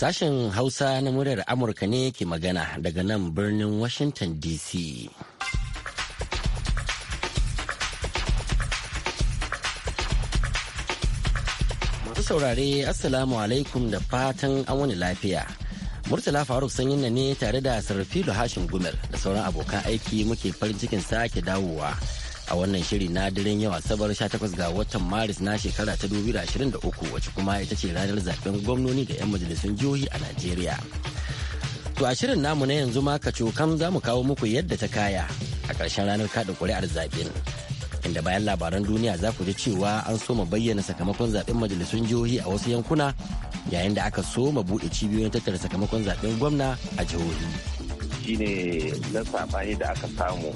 Sashen Hausa na muryar Amurka ne ke magana daga nan birnin Washington DC. Masu saurare Assalamu alaikum da fatan an wani lafiya. Murtala Faruk sanyin ne tare da Sarfilu Hashim Gumel da sauran abokan aiki muke farin cikin sake dawowa. a wannan shiri na daren yau asabar 18 ga watan maris na shekara ta 2023 wacce kuma ita ce ranar zaben gwamnoni ga 'yan majalisun jihohi a najeriya to a shirin namu na yanzu ma kaco kam za mu kawo muku yadda ta kaya a ƙarshen ranar kaɗa ƙuri'ar zaben inda bayan labaran duniya za ku ji cewa an soma bayyana sakamakon zaben majalisun jihohi a wasu yankuna yayin da aka soma buɗe cibiyoyin tattara sakamakon zaben gwamna a jihohi shine na saɓani da aka samu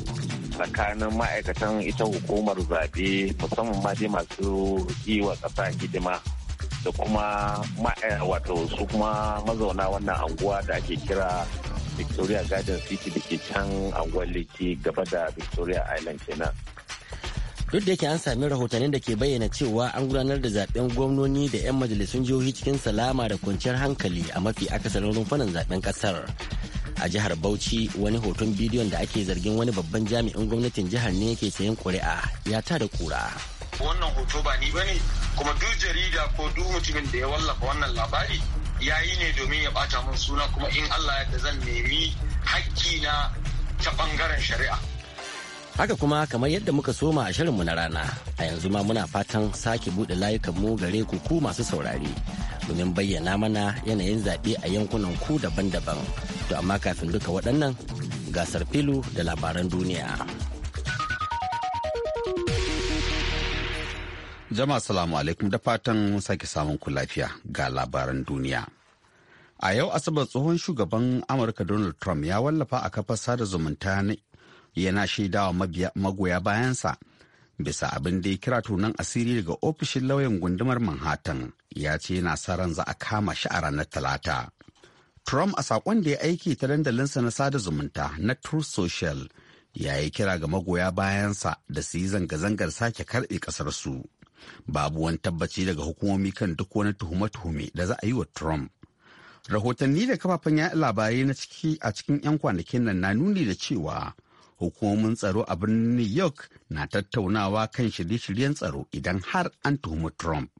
tsakanin ma'aikatan ita hukumar zabe musamman ma dai masu yi wa ƙasa hidima da kuma wato su kuma mazauna wannan anguwa da ake kira victoria garden city da ke can anguwar leki gaba da victoria island kenan duk da yake an sami rahotannin da ke bayyana cewa an gudanar da zaben gwamnoni da 'yan majalisun jihohi cikin salama da kwanciyar hankali a mafi akasarin rumfanan zaben kasar a jihar bauchi wani hoton bidiyon da ake zargin wani babban jami'in gwamnatin jihar ne yake sayan kuri'a ya ta da kura wannan hoto ba ni bane kuma duk jarida ko duk mutumin da ya wallafa wannan labari ya yi ne domin ya bata mun suna kuma in allah ya zan nemi hakki na ta bangaren shari'a haka kuma kamar yadda muka soma a shirinmu na rana a yanzu ma muna fatan sake buɗe layukanmu gare ku ku masu saurari domin bayyana mana yanayin zaɓe a yankunan ku daban-daban To amma kafin duka waɗannan gasar filu da labaran duniya. Jama'a salamu alaikum da fatan sake samun ku lafiya ga labaran duniya. A yau Asabar tsohon shugaban Amurka Donald Trump ya wallafa a kafar sada zumunta yana shaidawa magoya bayansa bisa abin da ya kira tunan asiri daga ofishin lauyan gundumar Manhattan ya ce yana sa ran za a kama shi a ranar Talata. Trump a saƙon da ya aiki ta dandalinsa na sada zumunta na True Social ya yi kira ga magoya bayansa da su yi zanga-zangar sake karɓe ƙasarsu. Babu wani tabbaci daga hukumomi kan duk wani tuhume-tuhume da za a yi wa Trump. Rahotanni da kafafen yaɗa labarai na ciki a cikin 'yan kwanakin nan na nuni da cewa hukumomin tsaro a birnin New York na tattaunawa kan shirye-shiryen tsaro idan har an tuhumi Trump.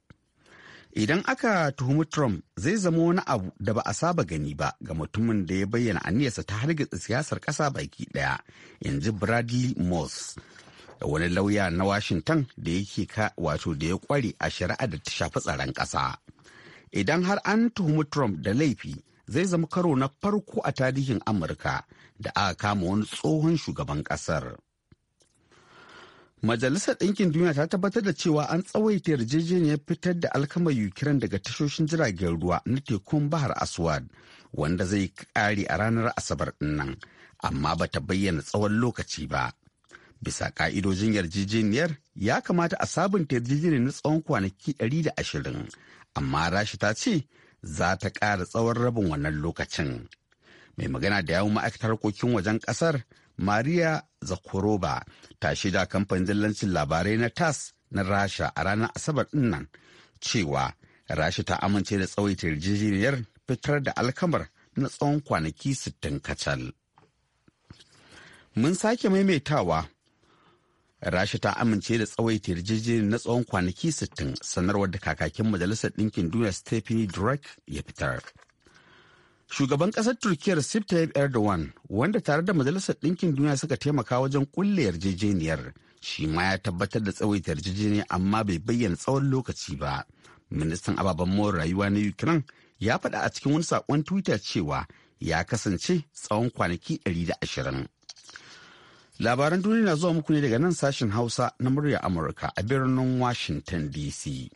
Idan aka tuhumi Trump zai zama wani abu da ba a saba gani ba ga mutumin da ya bayyana aniyarsa ta hargitsa siyasar ƙasa baki ɗaya, yanzu Bradley Moss. wani lauya na Washington da yake ka wato da ya kware a shari'a da ta shafi tsaron ƙasa. Idan har an tuhumi Trump da laifi zai zama karo na farko a tarihin Amurka da aka kama wani tsohon shugaban ƙasar. Majalisar Ɗinkin Duniya ta tabbatar da cewa an tsawaita yarjejeniyar fitar da alkamar Ukraine daga tashoshin jiragen ruwa na tekun Bahar Aswad wanda zai kare a ranar Asabar nan, amma ba ta bayyana tsawon lokaci ba. Bisa ƙa'idojin yarjejeniyar ya kamata a sabunta yarjejeniyar na tsawon kwanaki ɗari da ashirin, amma Rashi ta ce za ta ƙara tsawon rabin wannan lokacin. Mai magana da yawun ma'aikatar harkokin wajen ƙasar maria zakoroba ta shaida kamfanin dillancin labarai na tas na rasha a ranar asabar dinnan cewa rasha ta amince da tsawaita yarjejeniyar fitar da alkamar na tsawon kwanaki 60 kacal mun sake maimaitawa rasha ta amince da tsawaita yarjejeniyar na tsawon kwanaki sittin sanarwar da kakakin majalisar ɗinkin duniya stephanie drake ya fitar Shugaban ƙasar Turkiyar Recep Tayyip Erdogan, wanda tare da Majalisar Ɗinkin Duniya suka taimaka wajen ƙulle yarjejeniyar, shi ma ya tabbatar da tsawaita yarjejeniyar amma bai bayyana tsawon lokaci ba. Ministan ababen more rayuwa na Ukraine ya faɗa a cikin wani saƙon Twitter cewa ya kasance tsawon kwanaki da ashirin. Labaran duniya na zuwa muku ne daga nan sashen Hausa na murya Amurka a birnin Washington DC.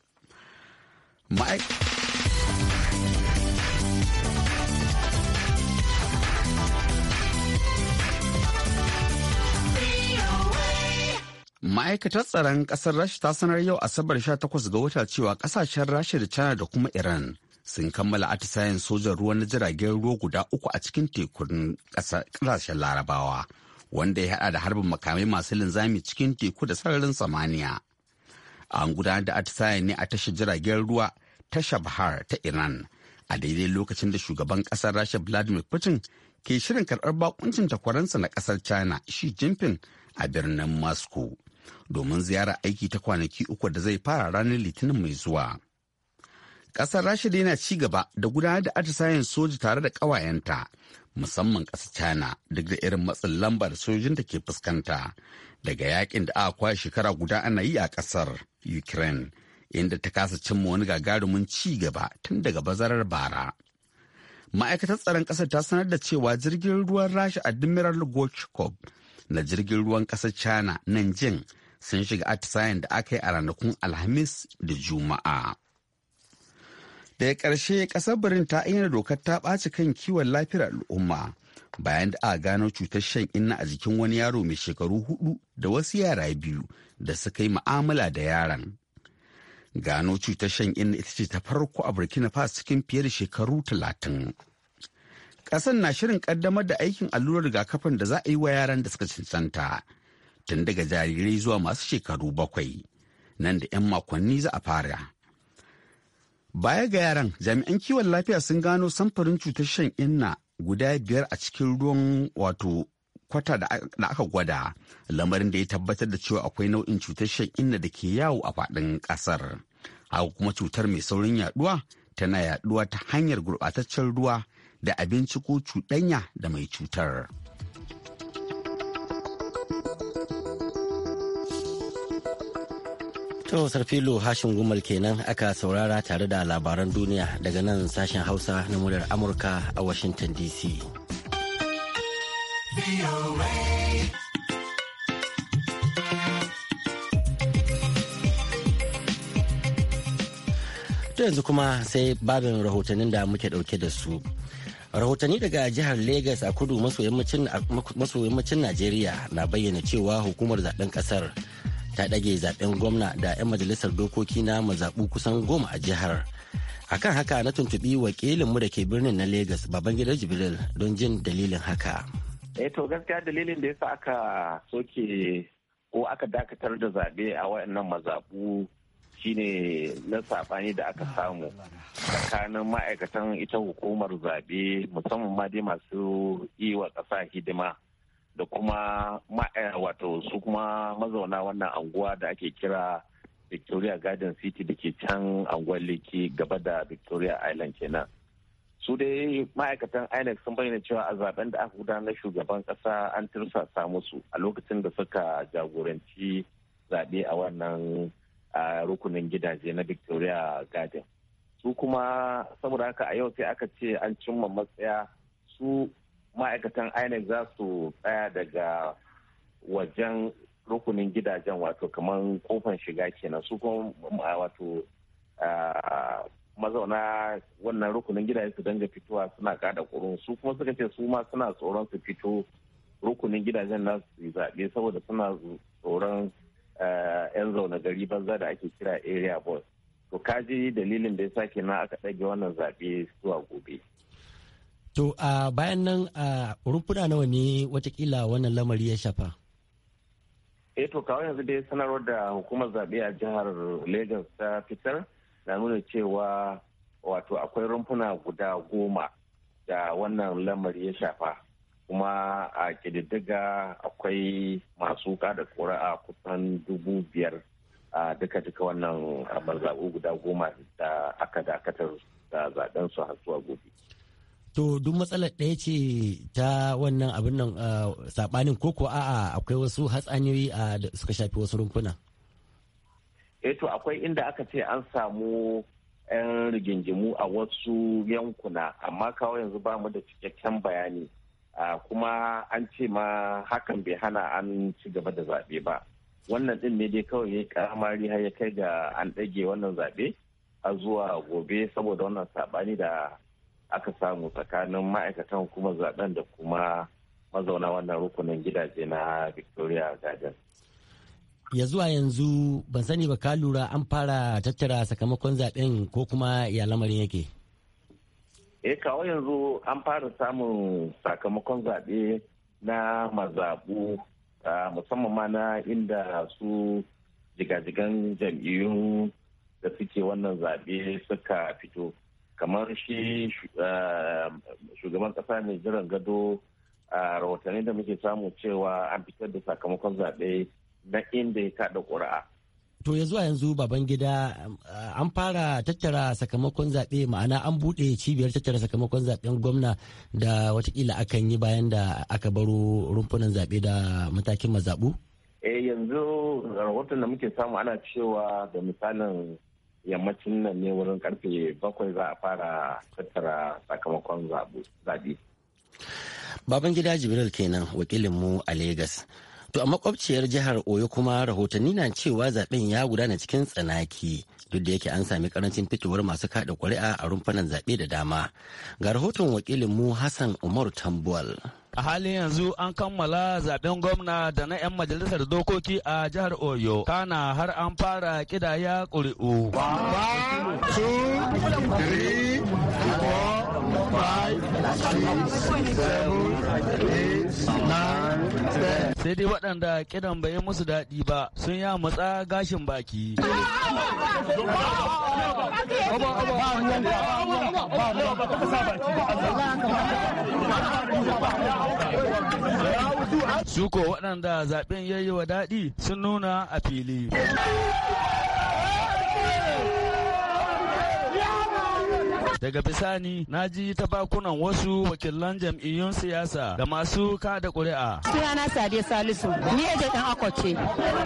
ma'aikatar tsaron kasar rasha ta sanar yau asabar 18 ga wata cewa kasashen rasha da china da kuma iran sun kammala atisayen sojan ruwa na jiragen ruwa guda uku a cikin tekun kasashen larabawa wanda ya hada da harbin makamai masu linzami cikin teku da sararin samaniya an gudanar da atisayen ne a tashar jiragen ruwa ta shabhar ta iran a daidai lokacin da shugaban kasar rasha vladimir putin ke shirin karbar bakuncin takwaransa na kasar china shi jinping a birnin moscow domin ziyara aiki ta kwanaki uku da zai fara ranar litinin mai zuwa. Ƙasar Rasha yana ci gaba da gudanar da atisayen soja tare da ƙawayenta musamman ƙasar China duk da irin matsin lamba da sojojinta ke fuskanta daga yakin da aka kwashe shekara guda ana yi a ƙasar Ukraine inda ta kasa cimma wani gagarumin ci gaba tun daga bazarar bara. Ma'aikatar tsaron ƙasar ta sanar da cewa jirgin ruwan Rasha Admiral Gorchkov na jirgin ruwan ƙasar China Nanjing sun shiga atisayen da aka yi a ranakun alhamis da juma'a daga ƙarshe ƙasar birin ta ayyana dokar ta ɓaci kan kiwon lafiyar al'umma bayan da a gano cutar shan inna a jikin wani yaro mai shekaru hudu da wasu yara biyu da suka yi mu'amala da yaran. gano cutar shan inna ita ce ta farko a burkina faso cikin fiye da shekaru talatin ƙasar na shirin ƙaddamar da aikin allurar rigakafin da za a yi wa yaran da suka cancanta tun daga jarirai zuwa masu shekaru bakwai nan da 'yan makonni za a fara baya ga yaran jami'an kiwon lafiya sun gano samfurin cutar shan inna guda biyar a cikin ruwan wato kwata da aka gwada lamarin da ya tabbatar da cewa akwai nau'in cutar shan inna da ke yawo a faɗin ƙasar haka kuma cutar mai saurin yaduwa tana yaduwa ta hanyar gurɓataccen ruwa da abinci ko cuɗanya da mai cutar. To Sarfilo Hashin Gumal kenan aka saurara tare da labaran duniya daga nan sashen Hausa na muryar Amurka a Washington DC. To yanzu kuma sai babin rahotannin da muke dauke da su. rahotanni daga jihar Legas a kudu maso yammacin Najeriya na bayyana cewa hukumar zaɗen ƙasar. ta ɗage zaben gwamna da 'yan majalisar dokoki na mazaɓu kusan goma a jihar akan haka na tuntuɓi wakilinmu da ke birnin na lagos gidan jibril don jin dalilin haka eh to gaskiya dalilin da ya sa aka soke ko aka dakatar da zaɓe a waɗannan mazaɓu shine na saɓani da aka samu tsakanin ma'aikatan ita hukumar zaɓe musamman ma dai masu yi wa ƙasa hidima da kuma eh, wato su kuma mazauna wannan anguwa da ake kira victoria garden city da ke can anguwar leki gaba da victoria island kenan su dai ma'aikatan inec sun bayyana cewa a zaben da aka gudanar shugaban kasa an tursasa musu a lokacin da suka jagoranci zaɓe a wannan rukunin gidaje na victoria garden su kuma saboda haka a yau sai aka ce an cimma matsaya su ma'aikatan inec za su tsaya daga wajen rukunin gidajen wato kamar kofan shiga kenan su kuma wato mazauna wannan rukunin gidaje su danga fitowa suna kada kurun su kuma suka ce su ma suna tsoron su fito rukunin gidajen na su zaɓe saboda suna tsoron yan zaune gari banza da ake kira area boys to kaji dalilin da ya sake na aka ɗage wannan zaɓe zuwa gobe To a bayan nan a rumfuna nawa ne watakila wannan lamari ya shafa? Eh to kawai yanzu dai sanarwar da hukumar zaɓe a jihar Legas ta fitar na nuna cewa wato akwai rumfuna guda goma da wannan lamari ya shafa. kuma a ƙididdiga akwai masu kada a kusan dubu biyar a duka duka wannan mazaɓu guda goma da aka dakatar da zaɓen su har zuwa gobe. to duk matsalar ɗaya ce ta wannan abin nan sabanin koko a'a akwai wasu hatsaniyoyi da suka shafi wasu rumfuna eh to akwai inda aka ce an samu 'yan rigingimu a wasu yankuna amma kawo yanzu ba mu da cikakken bayani kuma an ce ma hakan bai hana an ci gaba da zaɓe ba wannan ɗin ne dai kawai ya karamari har ya kai ga an ɗage wannan zaɓe a zuwa gobe saboda wannan saɓani da aka samu tsakanin ma'aikatan kuma zaben da kuma mazauna wannan rukunin gidaje na victoria garden ya zuwa yanzu ban sani ba ka lura an fara tattara sakamakon zaben ko kuma ya lamarin yake e kawo yanzu an fara samun sakamakon zaɓe na mazaɓu ah, musamman ma na inda su jiga jigan jam'iyyun da suke wannan zaɓe suka fito kamar shi eh, shugaban kasa mai jiran gado a eh, rahotanni da muke samu cewa an fitar da sakamakon zaɓe na inda ya kaɗa ƙuri'a. To ya zuwa yanzu baban gida eh, an fara tattara sakamakon zaɓe ma'ana an buɗe cibiyar tattara sakamakon zaɓen gwamna da watakila akan yi bayan da aka baro rumfunan zaɓe da matakin mazaɓu? Eh yanzu rahoton da muke samu ana cewa da misalin yammacin nan ne wurin karfe bakwai za a fara tattara sakamakon zaɓe. baban gida jibril kenan wakilinmu a Legas. to a makwabciyar jihar oyo kuma rahotanni na cewa zaben ya gudana cikin tsanaki duk da yake an sami karancin fitowar masu kada kuri'a a rumfunan zaɓe da dama ga rahoton wakilin mu hassan umar tambuwal a halin yanzu an kammala zaben gwamna da na 'yan majalisar dokoki a jihar oyo kana har an fara kidaya ƙuri'u Five, six, seven, eight. sai dai waɗanda kidan bai musu daɗi ba sun ya matsa gashin baki. Suko waɗanda zaɓen yayi wa daɗi sun nuna a fili. Daga bisani na ji ta bakunan wasu wakilan jam'iyyun siyasa da masu kada ƙuri'a. Sunana Sadiya Salisu, ni a ɗan akwace.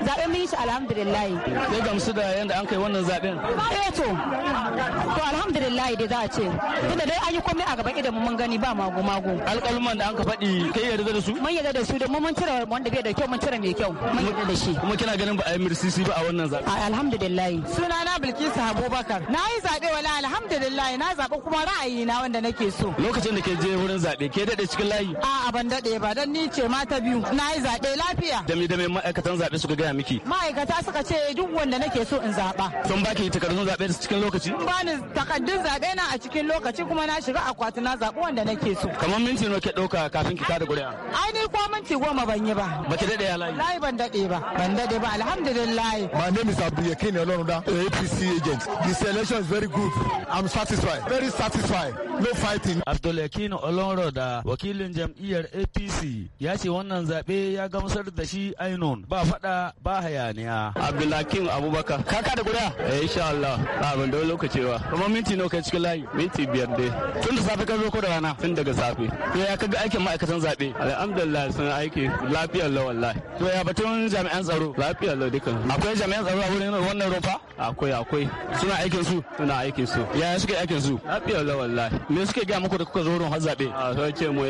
Zaɓen mun yi shi alhamdulillah. Ya gamsu da yadda an kai wannan zaɓen? Eh to, to alhamdulillah dai za a ce. Tunda dai an yi komai a gaban idan mun gani ba mago-mago. Alƙaluman da an ka faɗi kai yarda da su? Mun yarda da su domin mun cire wanda bai da kyau mun cire mai kyau. Mun yarda da shi. Kuma kina ganin ba a yi mirsisi ba a wannan zaɓen? Alhamdulillah. na Bilkisu Abubakar. Na yi zaɓe wala alhamdulillah na zaɓi kuma ra'ayi na wanda nake so. Lokacin da ke je wurin zaɓe ke daɗe cikin layi? A'a ban daɗe ba dan ni ce mata biyu na yi zaɓe lafiya. Dami dami ma'aikatan zaɓe suka gaya miki? Ma'aikata suka ce duk wanda nake so in zaɓa. Sun ki takardun zaɓe da cikin lokaci? Ba ni takardun zaɓe na a cikin lokaci kuma na shiga akwati na zaɓi wanda nake so. Kamar minti nawa ke ɗauka kafin ki kada ƙuri'a? Ai ni ko minti goma ban yi ba. Ba ki daɗe ya layi? Layi ban daɗe ba. Ban daɗe ba alhamdulillah. My name is Abdul Yakin Olorunda, APC agent. The selection is very good. I'm satisfied. very satisfied no fighting Abdulyakin Olonroda wakilin jam'iyyar APC ya ce wannan zaɓe ya gamsar da shi ainon. ba faɗa ba hayaniya Abdulyakin Abubakar kaka da guda eh insha Allah ba ban da lokaci ba kuma minti nawa kai cikin layi minti biyar dai tun da safe ka zo ko da rana tun daga safe to ya kaga aikin ma'aikatan zaɓe alhamdulillah sun aiki lafiyar lawan wallahi to ya batun jami'an tsaro lafiyar lawan dukan akwai jami'an tsaro a wurin wannan rofa akwai akwai suna aikin su suna aikin su yaya suke aikin su Lafiya la wallahi. Me suke gaya muku da kuka zo har zabe? A sauke mu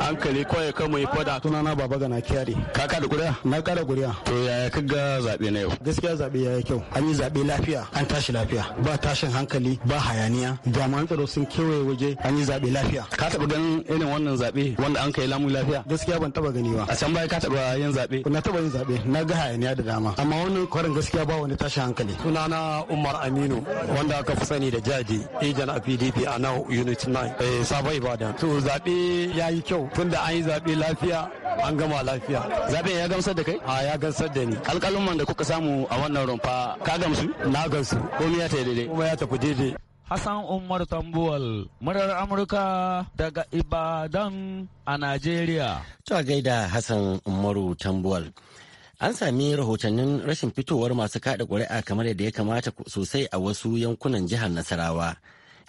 hankali ko ya kama ko da na baba gana kiyare. Ka kada kuriya? Na kada kuriya. To yaya ka ga zabe na yau? Gaskiya zabe yayi kyau. An yi zabe lafiya, an tashi lafiya. Ba tashin hankali, ba hayaniya. Jami'an tsaro sun kewaye waje, an yi zabe lafiya. Ka taba ganin irin wannan zabe wanda an kai lamu lafiya? Gaskiya ban taba gani ba. A can baya ka taba yin zabe? Na taba yin zabe, na ga hayaniya da dama. Amma wannan kwarin gaskiya ba wani tashin hankali. Sunana Umar Aminu wanda aka fi sani da Jaji, Ejan Afidi. pdp a now unit 9 eh, sabai ibadan to zaɓe ya yi kyau tunda an yi zaɓe lafiya an gama lafiya zaɓe ya gamsar da kai a ya gamsar da ni alƙalin da kuka samu a wannan rumfa ka gamsu na gamsu komai ya tafi daidai komai ya tafi daidai Hassan Umar Tambuwal, murar Amurka daga Ibadan a Najeriya. Ta gaida Hassan Umaru Tambuwal. An sami rahotannin rashin fitowar masu kada ƙuri'a kamar yadda ya kamata sosai a wasu yankunan jihar Nasarawa.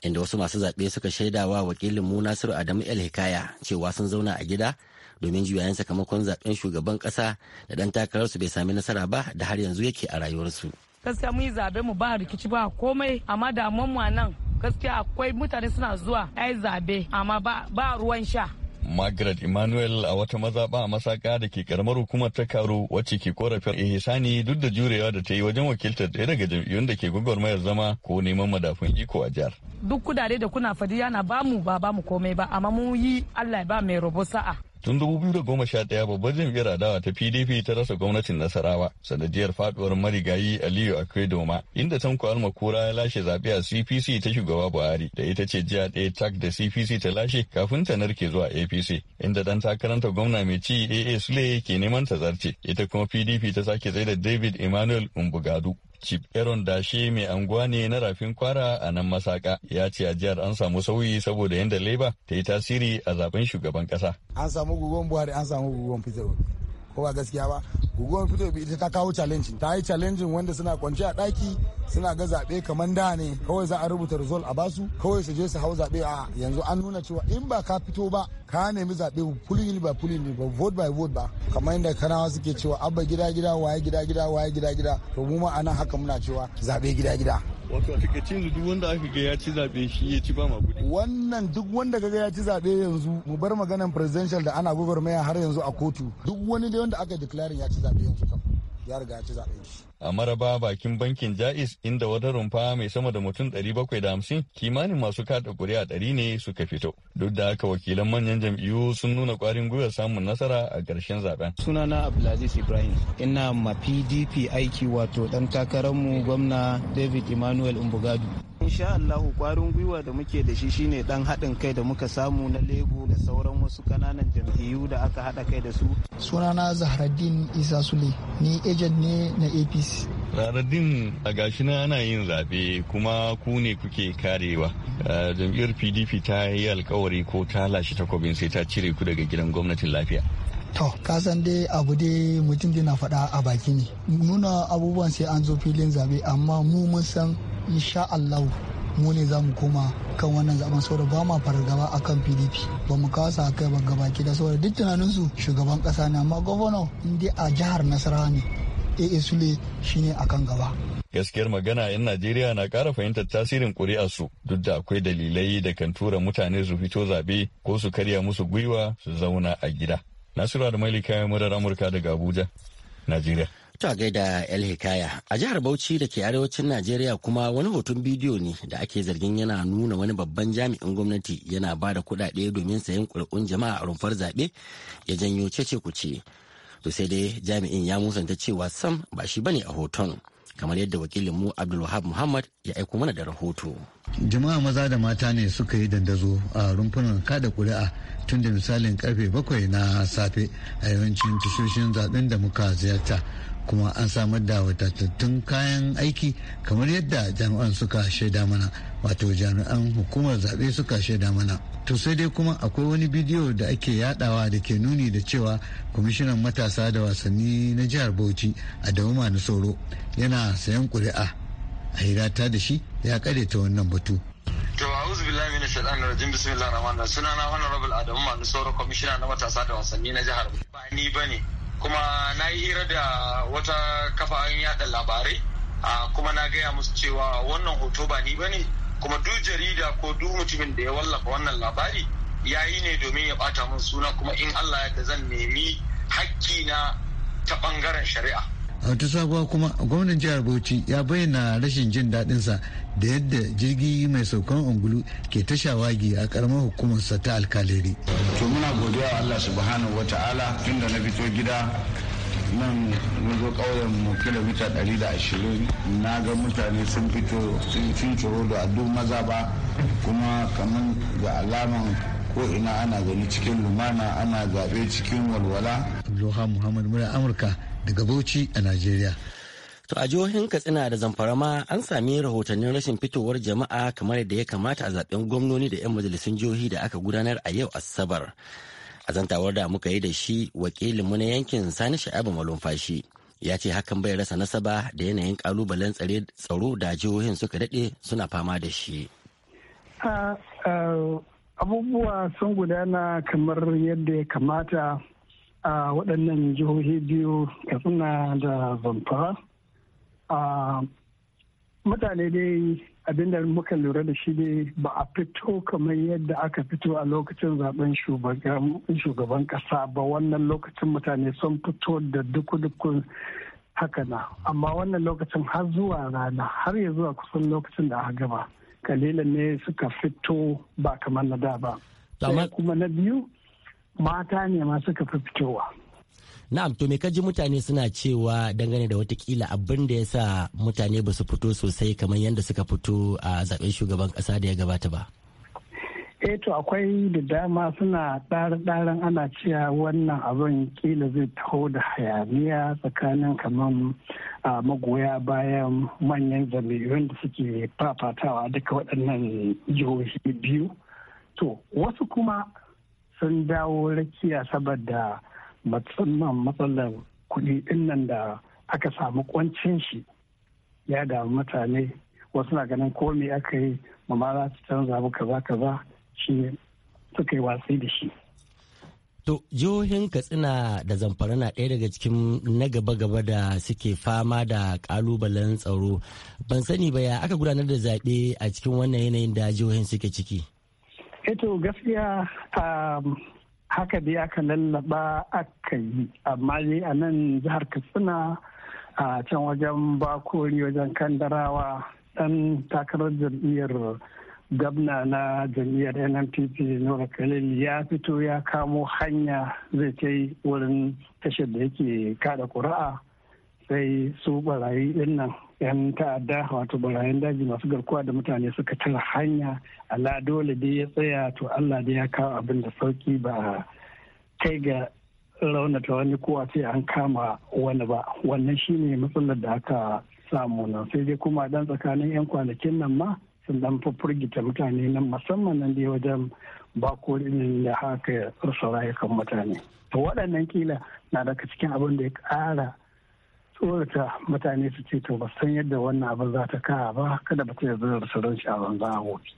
inda wasu masu zaɓe suka shaida wa wakilin mu nasiru adamu el hikaya cewa sun zauna a gida domin juyayen sakamakon zaɓen shugaban ƙasa da ɗan takararsu bai sami nasara ba da har yanzu yake a rayuwarsu. gaskiya mun yi zaɓe mu ba rikici ba komai amma damuwan mu nan gaskiya akwai mutane suna zuwa ai zaɓe amma ba ruwan sha Margaret Emmanuel a wata mazaɓa a masaka da ke karamar hukumar ta karo wacce ke korafin ihsani duk da jurewa da ta yi wajen wakiltar ɗaya daga jam'iyyun da ke gwagwarmayar zama ko neman madafun iko a jihar. Duk kudade da kuna fadiya na bamu ba bamu komai ba amma mun yi Allah ya ba mai rabo sa'a. Tun 2011 babbar jam'iyyar adawa ta PDP ta rasa gwamnatin Nasarawa sanadiyar faduwar marigayi Aliyu doma inda Tanko Almakura ya lashe zaɓe a CPC ta shugaba Buhari da ita ce jiya ɗaya tak da CPC ta lashe kafin ta narke zuwa APC inda dan takaranta gwamna mai ci AA Sule ke neman ta zarce ita kuma PDP ta sake tsaye David Emmanuel Umbugadu Chief Aaron Dashe mai anguwa ne na rafin kwara a nan masaka ya ce a jihar an samu sauyi saboda yadda leba ta yi tasiri a zaben shugaban kasa. An samu guguwan Buhari an samu guguwan Peter ko ba gaskiya ba guguwar fito ita ta kawo challenge ta yi challenge wanda suna kwance a daki suna ga zaɓe kamar da ne kawai za a rubuta result a basu kawai su je su hau zaɓe a yanzu an nuna cewa in ba ka fito ba ka nemi zaɓe pulling by pulling ba vote by vote ba kamar yadda kanawa suke cewa abba gida gida waye gida gida waye gida gida to mu ma anan haka muna cewa zaɓe gida gida wato a takaice duk wanda aka ga ya ci zaɓe shi ya ci ba ma kuɗi. wannan duk wanda ga ya ci zaɓe yanzu mu bar maganan presidential da ana gwagwarmaya har yanzu a kotu duk wani dai wanda aka declaring ya ci zaɓe yanzu kam ya riga ci shi. A maraba bakin bankin Ja'is inda wata rumfa mai sama da mutum bakwai da hamsin kimanin masu kaɗa kuri'a ɗari ne suka fito. Duk da haka wakilan manyan jam'iyyu sun nuna ƙwarin gwiwa samun nasara a ƙarshen zaben. Sunana Abdulaziz Ibrahim. Ina ma PDP aiki wato ɗan takararmu gwamna David Emmanuel Umbugadu. insha allahu kwarin gwiwa da muke da shi shine dan haɗin kai da muka samu na lego da sauran wasu kananan jam'iyyu da aka haɗa kai da su sunana zahraddin isa sule ni agent ne na apc zahraddin a gashi na ana yin zaɓe kuma ku ne kuke karewa jam'iyyar pdp ta yi alkawari ko ta lashe takobin sai ta cire ku daga gidan gwamnatin lafiya to kasan dai abu dai mutum dina faɗa a baki ne nuna abubuwan sai an zo filin zabe amma mu mun san insha Allah mu ne za mu koma kan wannan zaben saboda ba ma fargaba a kan pdp ba mu kasa a kai ba gabaki da saboda duk tunaninsu shugaban kasa ne amma gwamna inda a jihar nasarawa ne aa sule shine a kan gaba gaskiyar magana 'yan najeriya na kara fahimtar tasirin su duk da akwai dalilai da kan tura mutane su fito zabe ko su karya musu gwiwa su zauna a gida Nasiru da Malika murar Amurka daga Abuja, Najeriya. Ta gaida El Hikaya a jihar Bauchi da ke arewacin Najeriya kuma wani hoton bidiyo ne da ake zargin yana nuna wani babban jami'in gwamnati yana ba da kuɗaɗe domin sayan ƙuri'un jama'a a rumfar zaɓe ya janyo cece kuce. To sai dai jami'in ya musanta cewa sam ba shi bane a hoton. kamar yadda wakilin mu abdulwahab muhammad ya aiko mana da rahoto jama'a maza da mata ne suka yi dandazo a rumfunan kada kuri'a tun da misalin karfe bakwai na safe a yawancin tashoshin zaben da muka ziyarta kuma an samar da wadatattun kayan aiki kamar yadda jami'an suka shaida mana wato jami'an hukumar zaɓe suka shaida mana to sai dai kuma akwai wani bidiyo da ake yadawa da ke nuni da cewa kwamishinan matasa da wasanni na jihar bauchi a dauma na soro yana sayan ƙuri'a a hirata da shi ya kare ta wannan batu To a'udhu honorable Adamu Manusoro kwamishina na matasa da wasanni na jihar ba ni bane kuma na yi hira da wata kafa'an yada labarai kuma na gaya musu cewa wannan hoto ba ni bane kuma duk jarida ko duk mutumin da ya wallafa wannan labari ya yi ne domin ya bata min suna kuma in Allah ya zan nemi hakki na ta bangaren shari'a a wata sabuwa kuma gwamnan jihar bauchi ya bayyana rashin jin daɗinsa da yadda jirgi mai saukan ungulu ke ta shawagi a karamar hukumarsa ta alkaleri to muna godiya wa allah subhanahu wa ta'ala tun da na fito gida nan na zo ƙauyen mu kilomita ashirin na ga mutane sun fito sun ciro da addu maza ba kuma kamar ga alaman ko ina ana gani cikin lumana ana zaɓe cikin walwala. Abdullahi Muhammad Mura Amurka daga Bauchi a Najeriya. To a jihohin Katsina da Zamfara ma an sami rahotannin rashin fitowar jama'a kamar yadda ya kamata a zaben gwamnoni da 'yan majalisun jihohi da aka gudanar a yau Asabar. A zantawar da muka yi da shi wakilin na yankin Sani Sha'abu Malumfashi ya ce hakan bai rasa nasaba da yanayin kalubalen tsaro da jihohin suka daɗe suna fama da shi. Eh, abubuwa sun gudana kamar yadda ya kamata a waɗannan jihohi biyu katsina da zamfara mutane dai abinda muka lura da shi ne ba a fito kamar yadda aka fito a lokacin zaben shugaban kasa ba wannan lokacin mutane sun fito da duku haka na amma wannan lokacin har zuwa rana har ya zuwa kusan lokacin da aka gaba kalilan ne suka fito ba kamar na da ba kuma na biyu mata ne masu kafafitowa. fitowa na'am to me ka mutane suna cewa dangane da watakila abin da ya sa mutane ba su fito sosai kamar yadda suka fito a zaben shugaban kasa da ya gabata ba eh to akwai da dama suna ɗaran ana cewa wannan abin kila zai taho da hayaniya tsakanin kamar magoya bayan manyan jami'an da suke fafatawa duka waɗannan jihohi biyu to wasu kuma sun dawo rakiya saboda musamman matsalar kuɗi din nan da aka samu kwancin shi ya damu mutane wasu na ganin ko me aka yi mama za su canza mu kaza kaza shi suka yi watsi da shi To jihohin Katsina da Zamfara na ɗaya daga cikin na gaba-gaba da suke fama da ƙalubalen tsaro. Ban sani ba ya aka gudanar da zaɓe a cikin wannan yanayin da jihohin suke ciki. eto eh, gaskiya um, haka dai aka lallaba aka yi amma dai a nan jihar katsina a can wajen bakori wajen kandarawa dan takarar jam'iyyar gabna na jam'iyyar nnpp nora khalil ya fito ya kamo hanya zai ce wurin tashar da yake kada ƙuri'a sai su barayi din nan 'yan ta'adda wato barayin daji masu garkuwa da mutane suka tara hanya ala dole dai ya tsaya to allah dai ya kawo abin da sauki ba kai ga raunata wani ko a an kama wani ba wannan shine matsalar da aka samu nan sai dai kuma dan tsakanin 'yan kwanakin nan ma sun dan fafurgita mutane nan musamman nan dai wajen bakorin da haka rasa rayukan mutane to waɗannan kila na daga cikin abin da ya ƙara tsorata mutane su ce to ba san yadda wannan abin za ta kaya ba kada ba ta yarda da su shi a banza a gobe.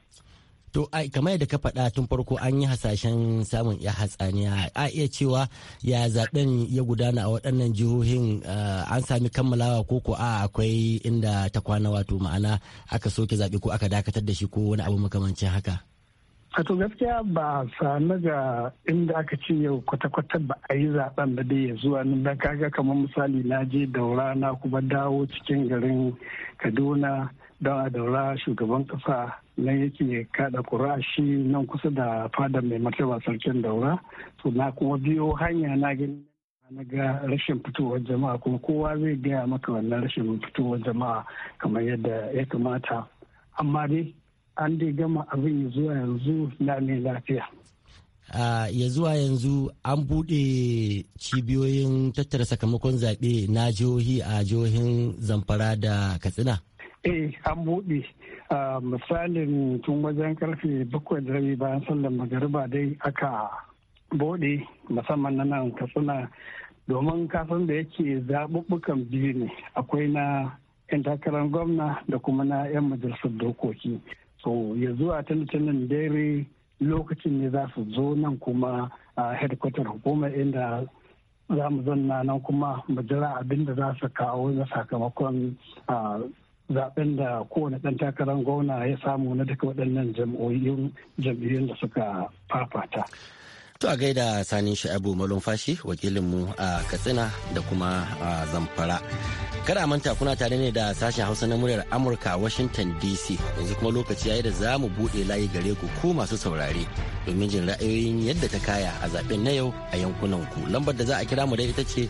To ai kamar yadda ka faɗa tun farko an yi hasashen samun ya hatsaniya a iya cewa ya zaɓen ya gudana a waɗannan jihohin eh, an sami kammalawa ko ko a akwai inda ta kwana wato ma'ana aka soke zaɓe ko aka dakatar da shi ko wani abu makamancin haka. Wato gaskiya ba sami ga inda aka ce yau kwata-kwata ba a yi zaɓen da dai ya zuwa nan da kaga kamar misali na je daura na kuma dawo cikin garin Kaduna don daura shugaban kasa na yake kada kura shi nan kusa da fada mai martaba sarkin daura to na kuma biyo hanya na gani na ga rashin fitowar jama'a kuma kowa zai gaya maka wannan rashin fitowar jama'a kamar yadda ya kamata amma dai an dai gama abin zuwa yanzu na mai lafiya. ya zuwa yanzu an buɗe cibiyoyin tattara sakamakon zaɓe na jihohi a jihohin zamfara da katsina? eh an buɗe misalin tun wajen karfe bakwai da rabi bayan sallar magariba dai aka buɗe musamman na nan katsina domin kasan da yake zaɓuɓɓukan biyu ne akwai na 'yan takarar gwamna da kuma na 'yan majalisar dokoki. so ya zuwa ta litinin dare lokacin ne za su zo nan kuma a headquarter hukumar inda za mu zanna nan kuma mu jira abin da za su kawo na sakamakon zaben da kowane ɗan takarar gwamna ya samu na duka waɗannan jam'iyyun da suka fafata. To a gaida Sani Sha'abu Malumfashi wakilinmu a Katsina da kuma a Zamfara. Kada manta kuna tare ne da sashen Hausa na muryar Amurka Washington DC yanzu kuma lokaci ya yi da za mu buɗe layi gare ku ku masu saurare domin jin ra'ayoyin yadda ta kaya a zaɓen na yau a yankunan ku. Lambar da za a kira mu da ita ce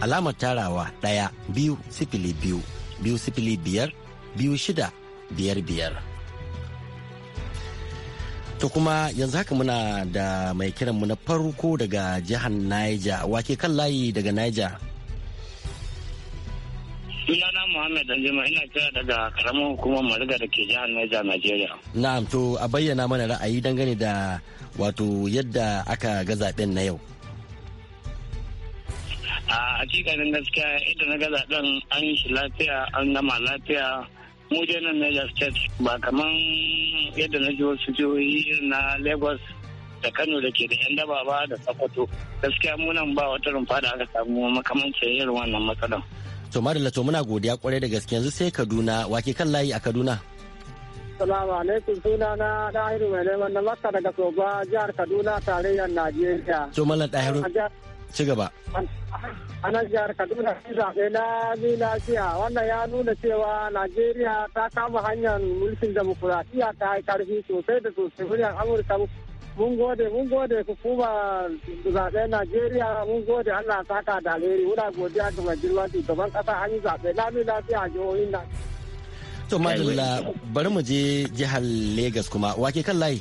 alamar tarawa ɗaya biyu sifili biyu biyu sifili biyar biyu shida biyar biyar. To kuma yanzu haka muna da mai kiranmu na farko daga jihar Niger wake kan layi daga Niger. Sunana Muhammad Anjima ina kira daga karamin hukumar Mariga da ke jihar Niger Najeriya. Na'am to a bayyana mana ra'ayi dangane da wato yadda aka ga zaben na yau. A cikin gaskiya idan na ga zaben an shi lafiya an gama lafiya mu dai nan Niger State ba kamar yadda na ji wasu jihohi na Lagos da Kano da ke da 'yan daba ba da Sokoto gaskiya mu nan ba wata rumfa da aka samu makamancin irin wannan matsalan. To Madalla to muna godiya kwarai da gaske yanzu sai Kaduna wake kan layi a Kaduna. Salamu alaikum suna na Dahiru mai neman na Makka daga Soba jihar Kaduna tarayyar Najeriya. To Dahiru. ci gaba a jihar kaduna sun zaɓe lami lafiya wannan ya nuna cewa najeriya ta kama hanyar mulkin demokuraɗiyya ta yi karfi sosai da sosai muryar amurka mun gode mun gode hukumar zaɓe najeriya mun gode allah ka da alheri muna godiya ga mai girma shugaban ƙasa an yi zaɓe lami lafiya a jihohin nan. to madalla bari mu je jihar Legas kuma wake kan layi.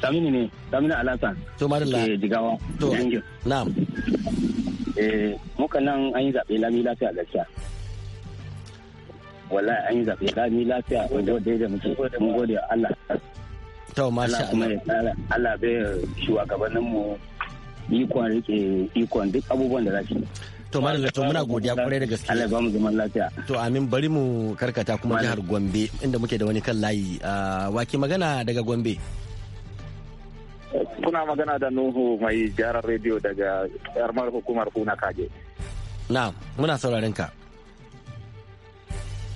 Tamini ne, Tamini Alasa. To Madalla. Eh, jigawa. To. Na'am. Eh, muka nan an yi zaɓe lami lafiya gaskiya. Wallahi an yi zaɓe lami lafiya wanda wanda ya mu mun gode Allah. To masha Allah. kuma ya Allah bai shugabannin mu ikon rike ikon duk abubuwan da za su To Madalla to muna godiya kwarai da gaskiya. Allah ba mu zaman lafiya. To amin bari mu karkata kuma jihar Gombe inda muke da wani kan layi. Ah, Wake magana daga Gombe. Kuna magana da Nuhu mai jarar rediyo daga yarmar hukumar Kuna Kage. Na'am, muna sauraron ka.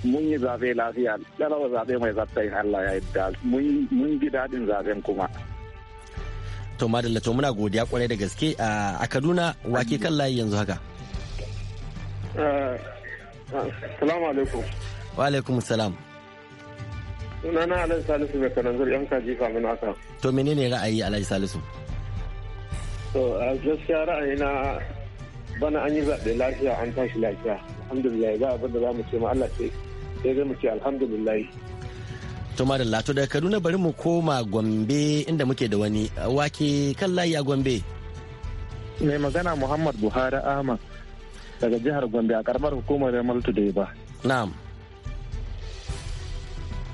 Mun yi zaɓe lafiya, ɗalawa zaɓe mai zaɓe Allah ya yadda mun ji daɗin zaɓen kuma. To madalla to muna godiya kwarai da gaske a Kaduna wake kan layi yanzu haka. Eh, salamu alaikum. Wa alaikum salam. sunana alhaji salisu mai kananzar yan kaji famin haka to menene ra'ayi alhaji salisu to a gaskiya ra'ayi na bana an yi zaɓe lafiya an tashi lafiya alhamdulillah ba abin da za mu ce ma allah ce sai zai mu ce alhamdulillah to madalla to daga kaduna bari mu koma gombe inda muke da wani wake kan layi a gombe mai magana muhammad buhari ahmad daga jihar gombe a karamar hukumar yamal today ba na'am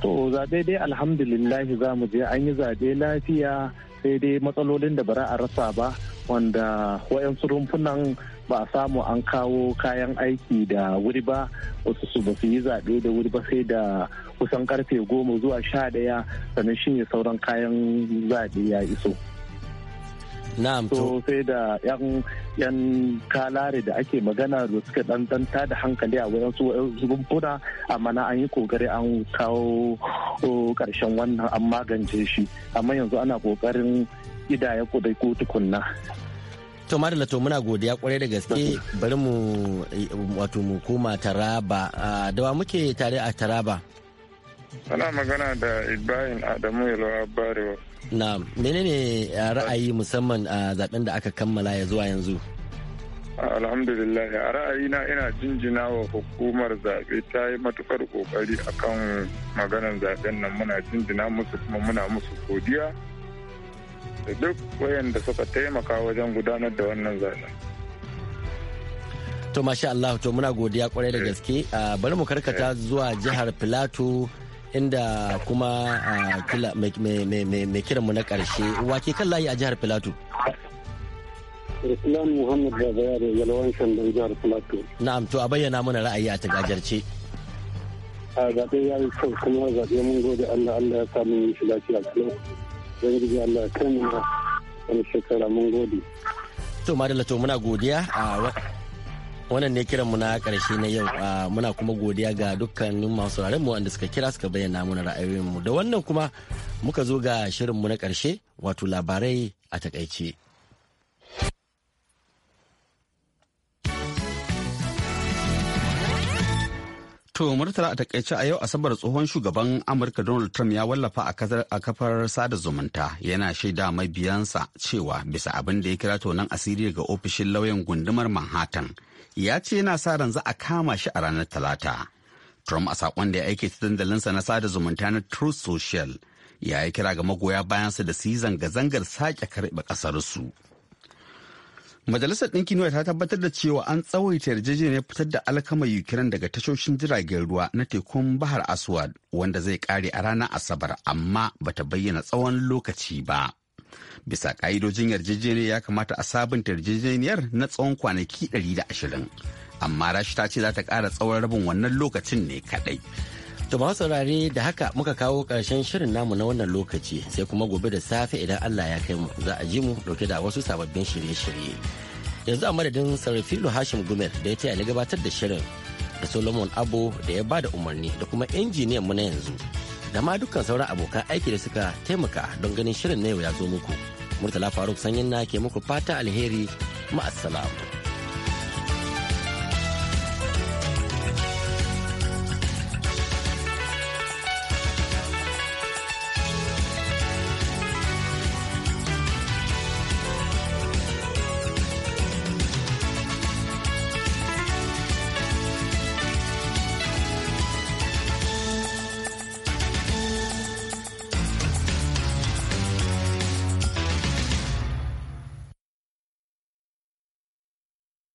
To zaɓe dai alhamdulillahi za mu je an yi zaɓe lafiya sai dai matsalolin da bara a rasa ba wanda wayansu rumfunan ba a samu an kawo kayan aiki da wuri ba wasu su ba su yi zaɓe da wuri ba sai da kusan karfe goma zuwa sha ɗaya sannan shi sauran kayan zaɓe ya iso. na'am to sai da yan yan kalare da ake magana da suka dan da hankali a wurin su rumfuna amma na an yi kokari an kawo karshen wannan an magance shi amma yanzu ana kokarin ya kudai ko tukunna to madalla to muna godiya kwarai da gaske bari mu wato mu koma taraba da wa muke tare a taraba ana magana da ibrahim adamu yalwa barewa na menene eh, ra'ayi musamman a zaben da aka kammala ya zuwa yanzu alhamdulillah a ra'ayina ina jinjina wa hukumar zabe ta yi matukar kokari akan maganar zaben nan muna jinjina musu kuma muna musu godiya da duk wayanda suka taimaka wajen gudanar da wannan zaben to masha Allah to muna godiya kwarai da eh. gaske bari mu karkata eh. zuwa jihar plateau inda kuma mai kiranmu na ƙarshe wake kan layi a jihar Filato. Islam Muhammad Baba da Yalwan Shandon jihar Filato. Na'am to a bayyana mana ra'ayi a tagajarce. A zaɓe ya yi kyau kuma zaɓe mun gode Allah Allah ya samu yin shi lafiya kuma zan yi Allah ya kai mu wani shekara mun gode. To Madalla to muna godiya a wannan ne kiranmu na karshe na yau ah, muna kuma godiya ga dukkanin masu mu wanda suka kira suka bayyana mana ra'ayoyinmu da wannan kuma muka zo ga shirinmu na karshe wato labarai a takaice. To Murtala a takaice a yau Asabar tsohon shugaban Amurka Donald Trump ya wallafa a kafar sada zumunta yana shaida mabiyansa cewa bisa abin da ya kira tonon asiri ga ofishin lauyan gundumar Manhattan ya ce yana sa ran za a kama shi a ranar talata trump a saƙon da ya aike ta dandalinsa na sada zumunta na truth social ya yi kira ga magoya bayansa da su yi zanga-zangar sake karɓe ƙasarsu majalisar ɗinkin duniya ta tabbatar da cewa an tsawaita yarjejeniyar fitar da alkama ukraine daga tashoshin jiragen ruwa na tekun bahar aswad wanda zai ƙare a ranar asabar amma bata bayyana tsawon lokaci ba bisa ƙa'idojin yarjejeniyar ya kamata a sabunta yarjejeniyar na tsawon kwanaki 120 amma rashi ta ce za ta ƙara tsawon rabin wannan lokacin ne kaɗai To ba saurare da haka muka kawo ƙarshen shirin namu na wannan lokaci sai kuma gobe da safe idan Allah ya kai mu za a ji mu dauke da wasu sababbin shirye-shirye. Yanzu a madadin Sarrafilu Hashim Gumel da ya taya ni gabatar da shirin da Solomon Abo da ya ba da umarni da kuma injiniyan mu na yanzu da ma dukkan sauran abokan aiki da suka taimaka don ganin shirin na yau ya zo muku. Murtala Faruk Sanyin na ke muku fata alheri ma'asala.